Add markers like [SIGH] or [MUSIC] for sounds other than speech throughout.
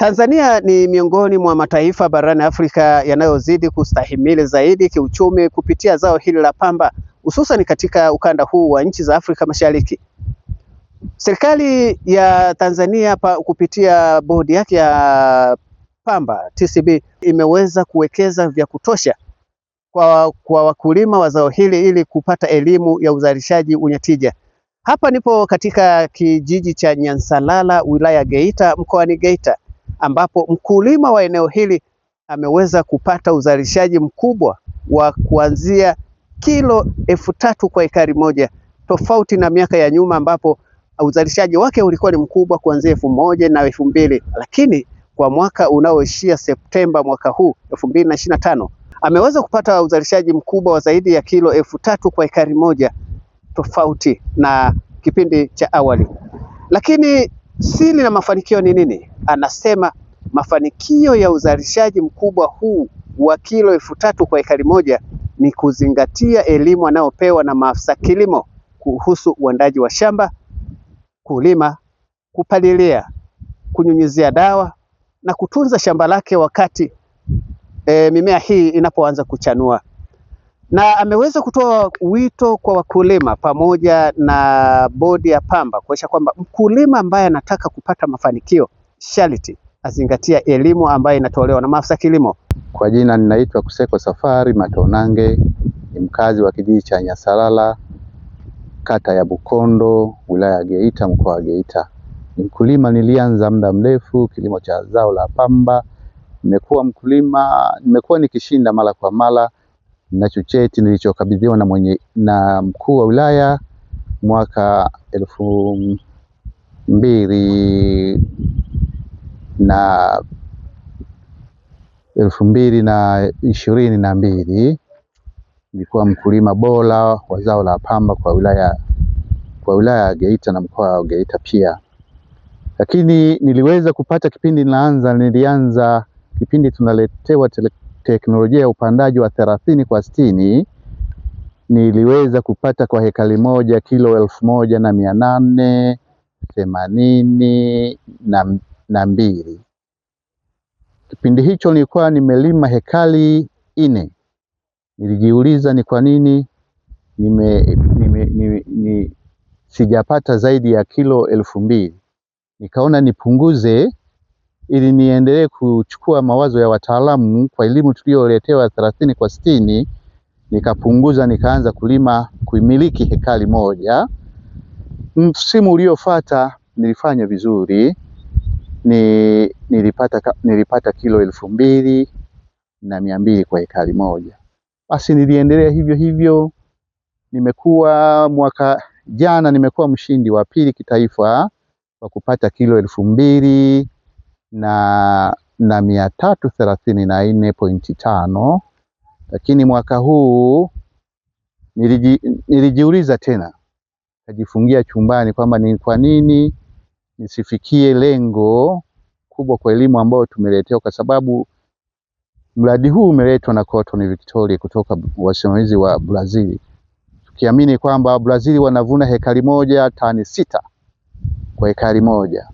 Tanzania ni miongoni mwa mataifa barani Afrika yanayozidi kustahimili zaidi kiuchumi kupitia zao hili la pamba, hususan katika ukanda huu wa nchi za Afrika Mashariki. Serikali ya Tanzania pa, kupitia bodi yake ya pamba TCB imeweza kuwekeza vya kutosha kwa, kwa wakulima wa zao hili ili kupata elimu ya uzalishaji wenye tija. Hapa nipo katika kijiji cha Nyansalala wilaya Geita mkoani Geita ambapo mkulima wa eneo hili ameweza kupata uzalishaji mkubwa wa kuanzia kilo elfu tatu kwa ekari moja tofauti na miaka ya nyuma ambapo uzalishaji wake ulikuwa ni mkubwa kuanzia elfu moja na elfu mbili lakini kwa mwaka unaoishia Septemba mwaka huu elfu mbili na ishirini na tano ameweza kupata uzalishaji mkubwa wa zaidi ya kilo elfu tatu kwa ekari moja tofauti na kipindi cha awali. Lakini Siri na mafanikio ni nini? Anasema mafanikio ya uzalishaji mkubwa huu wa kilo elfu tatu kwa ekari moja ni kuzingatia elimu anayopewa na maafisa kilimo kuhusu uandaji wa shamba, kulima, kupalilia, kunyunyizia dawa na kutunza shamba lake wakati e, mimea hii inapoanza kuchanua na ameweza kutoa wito kwa wakulima pamoja na bodi ya pamba kuonyesha kwamba mkulima ambaye anataka kupata mafanikio sharti azingatia elimu ambayo inatolewa na maafisa kilimo. Kwa jina ninaitwa Kuseko Safari Matonange, ni mkazi wa kijiji cha Nyasalala, kata ya Bukondo, wilaya ya Geita, mkoa wa Geita. Ni mkulima, nilianza muda mrefu kilimo cha zao la pamba. Nimekuwa mkulima, nimekuwa nikishinda mara kwa mara Ninacho cheti nilichokabidhiwa na mwenye na mkuu wa wilaya mwaka elfu mbili na elfu mbili na ishirini na mbili. Nilikuwa mkulima bora wa zao la pamba kwa wilaya kwa wilaya ya Geita na mkoa wa Geita pia, lakini niliweza kupata kipindi naanza nilianza kipindi tunaletewa tele teknolojia ya upandaji wa thelathini kwa sitini niliweza kupata kwa hekali moja kilo elfu moja na mia nane themanini na, na mbili. Kipindi hicho nilikuwa nimelima hekali nne. Nilijiuliza ni kwa nini nime, nime, nime, nime, sijapata zaidi ya kilo elfu mbili. Nikaona nipunguze ili niendelee kuchukua mawazo ya wataalamu kwa elimu tuliyoletewa thelathini kwa sitini, nikapunguza nikaanza kulima kuimiliki hekari moja. Msimu uliofuata nilifanya vizuri ni, nilipata, nilipata kilo elfu mbili na mia mbili kwa hekali moja. Basi niliendelea hivyo hivyo, nimekuwa mwaka jana nimekuwa mshindi wa pili kitaifa kwa kupata kilo elfu mbili na na mia tatu thelathini na nne pointi tano lakini mwaka huu niliji, nilijiuliza tena kajifungia chumbani kwamba ni kwa nini nisifikie lengo kubwa kwa elimu ambayo tumeletewa, kwa sababu mradi huu umeletwa na Cotton Victoria kutoka wasimamizi wa Brazil, tukiamini kwamba Brazil wanavuna hekari moja tani sita kwa hekari moja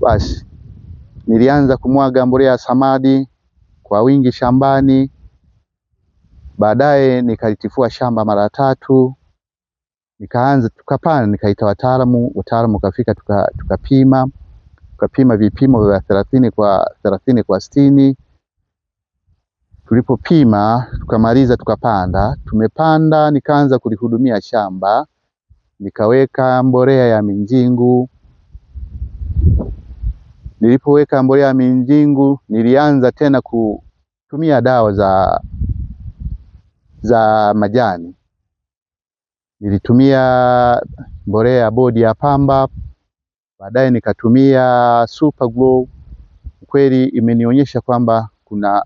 basi nilianza kumwaga mbolea ya samadi kwa wingi shambani. Baadaye nikalitifua shamba mara tatu, nikaanza tukapanda, nikaita wataalamu. Wataalamu kafika, tukapima tuka tukapima vipimo vya thelathini kwa thelathini kwa sitini. Tulipopima tukamaliza, tukapanda. Tumepanda, nikaanza kulihudumia shamba, nikaweka mbolea ya minjingu. Nilipoweka mbolea ya Minjingu, nilianza tena kutumia dawa za za majani. Nilitumia mbolea ya bodi ya pamba, baadaye nikatumia Super Glow. Kweli imenionyesha kwamba kuna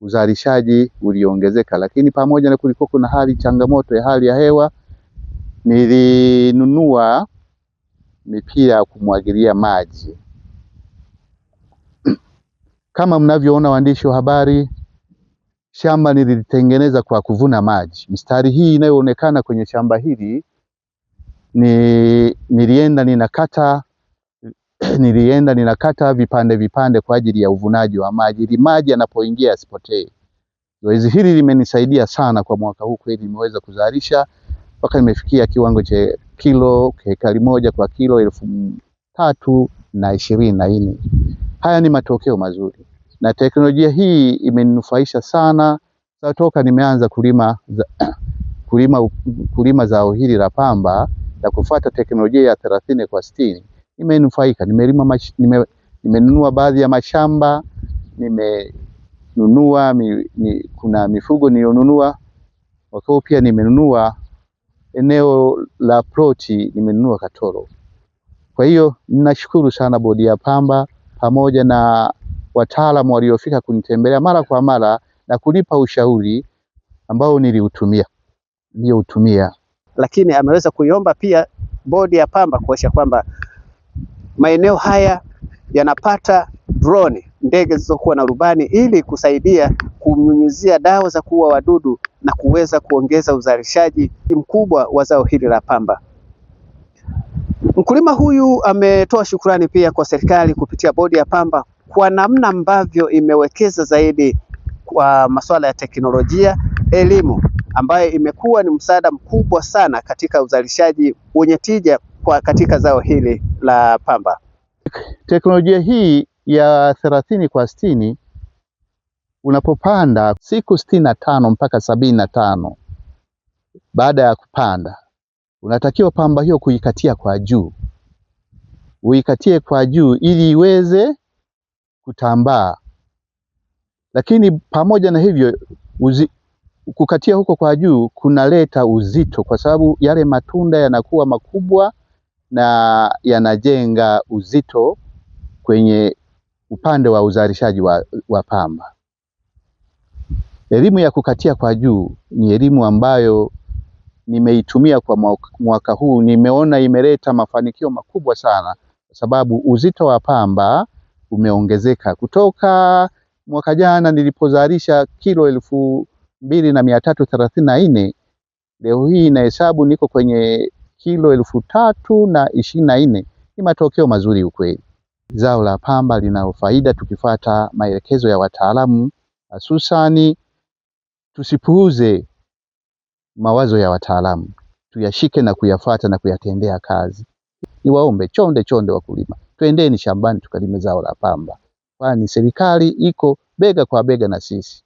uzalishaji uliongezeka, lakini pamoja na kulikuwa kuna hali changamoto ya hali ya hewa, nilinunua mipira ya kumwagilia maji kama mnavyoona waandishi wa habari, shamba nilitengeneza kwa kuvuna maji. Mistari hii inayoonekana kwenye shamba hili ni, nilienda ninakata [CLEARS THROAT] nilienda ninakata vipande vipande kwa ajili ya uvunaji wa maji ili maji yanapoingia yasipotee. Zoezi hili limenisaidia sana kwa mwaka huu, kweli nimeweza kuzalisha mpaka nimefikia kiwango cha kilo hekari moja kwa kilo elfu tatu na ishirini na nne. Haya ni matokeo mazuri, na teknolojia hii imeninufaisha sana toka nimeanza kulima, za, [CLEARS THROAT] kulima, kulima zao hili la pamba na kufuata teknolojia ya thelathini kwa sitini nimenufaika. Nimelima, nime, nimenunua baadhi ya mashamba nimenunua mi, ni, kuna mifugo nilionunua wakao, pia nimenunua eneo la ploti, nimenunua katoro. Kwa hiyo ninashukuru sana bodi ya pamba pamoja na wataalamu waliofika kunitembelea mara kwa mara na kunipa ushauri ambao niliutumia niliutumia. Lakini ameweza kuiomba pia bodi ya pamba kuhakikisha kwamba maeneo haya yanapata drone, ndege zilizokuwa na rubani, ili kusaidia kunyunyizia dawa za kuua wadudu na kuweza kuongeza uzalishaji mkubwa wa zao hili la pamba. Mkulima huyu ametoa shukrani pia kwa serikali kupitia bodi ya pamba kwa namna ambavyo imewekeza zaidi kwa masuala ya teknolojia, elimu ambayo imekuwa ni msaada mkubwa sana katika uzalishaji wenye tija kwa katika zao hili la pamba. Teknolojia hii ya thelathini kwa sitini unapopanda siku sitini na tano mpaka sabini na tano baada ya kupanda unatakiwa pamba hiyo kuikatia kwa juu, uikatie kwa juu ili iweze kutambaa. Lakini pamoja na hivyo uzi, kukatia huko kwa juu kunaleta uzito, kwa sababu yale matunda yanakuwa makubwa na yanajenga uzito kwenye upande wa uzalishaji wa, wa pamba. Elimu ya kukatia kwa juu ni elimu ambayo nimeitumia kwa mwaka huu, nimeona imeleta mafanikio makubwa sana, kwa sababu uzito wa pamba umeongezeka kutoka mwaka jana nilipozalisha kilo elfu mbili na mia tatu thelathini na nne leo hii hesabu niko kwenye kilo elfu tatu na ishirini na nne Ni matokeo mazuri ukweli. Zao la pamba lina faida tukifata maelekezo ya wataalamu, hususani tusipuuze mawazo ya wataalamu tuyashike na kuyafata na kuyatendea kazi. Niwaombe chonde chonde wakulima, twendeni shambani tukalime zao la pamba, kwani serikali iko bega kwa bega na sisi.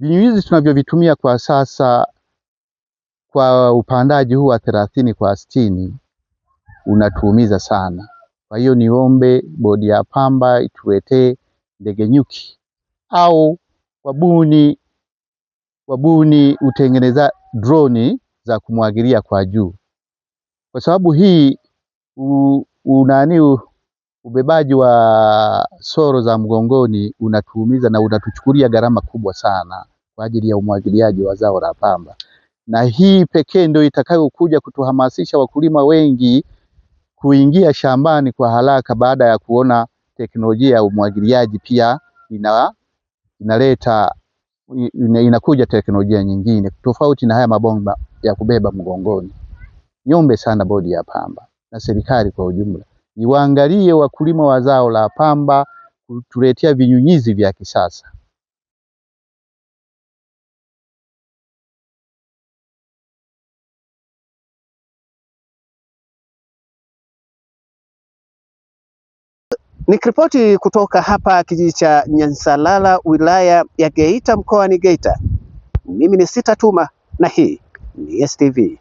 Vinyunyizi tunavyovitumia kwa sasa kwa upandaji huu wa thelathini kwa sitini unatuumiza sana. Kwa hiyo niombe bodi ya pamba ituletee ndege nyuki au wabuni wabuni utengeneza droni za kumwagilia kwa juu, kwa sababu hii unani ubebaji wa soro za mgongoni unatuumiza na unatuchukulia gharama kubwa sana kwa ajili ya umwagiliaji wa zao la pamba, na hii pekee ndio itakayokuja kutuhamasisha wakulima wengi kuingia shambani kwa haraka baada ya kuona teknolojia ya umwagiliaji pia ina inaleta inakuja teknolojia nyingine tofauti na haya mabomba ya kubeba mgongoni. Niombe sana bodi ya pamba na serikali kwa ujumla iwaangalie wakulima wa zao la pamba kutuletea vinyunyizi vya kisasa. Nikiripoti kutoka hapa kijiji cha Nyansalala wilaya ya Geita mkoani Geita, mimi ni Sita Tuma na hii ni STV.